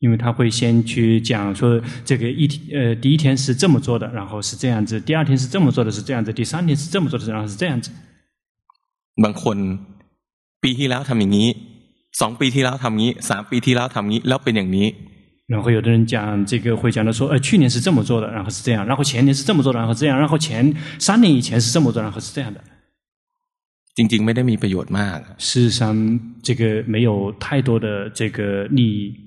因為他會先去講說這個一天，呃，第一天是這麼做的，然後是這樣子；第二天是這麼做的，是這樣子；第三天是這麼做的，然後是這樣子。บางคน，一年前做呢樣，兩年前做呢樣，三年前做呢樣，然後變成呢樣。然後有的人講這個會講到說呃、哎，去年是這麼做的，然後是這樣。然後前年是這麼做的，然後這樣。然後前三年以前是這麼做，然後是這樣的。事實上這個沒有太多的這個利益。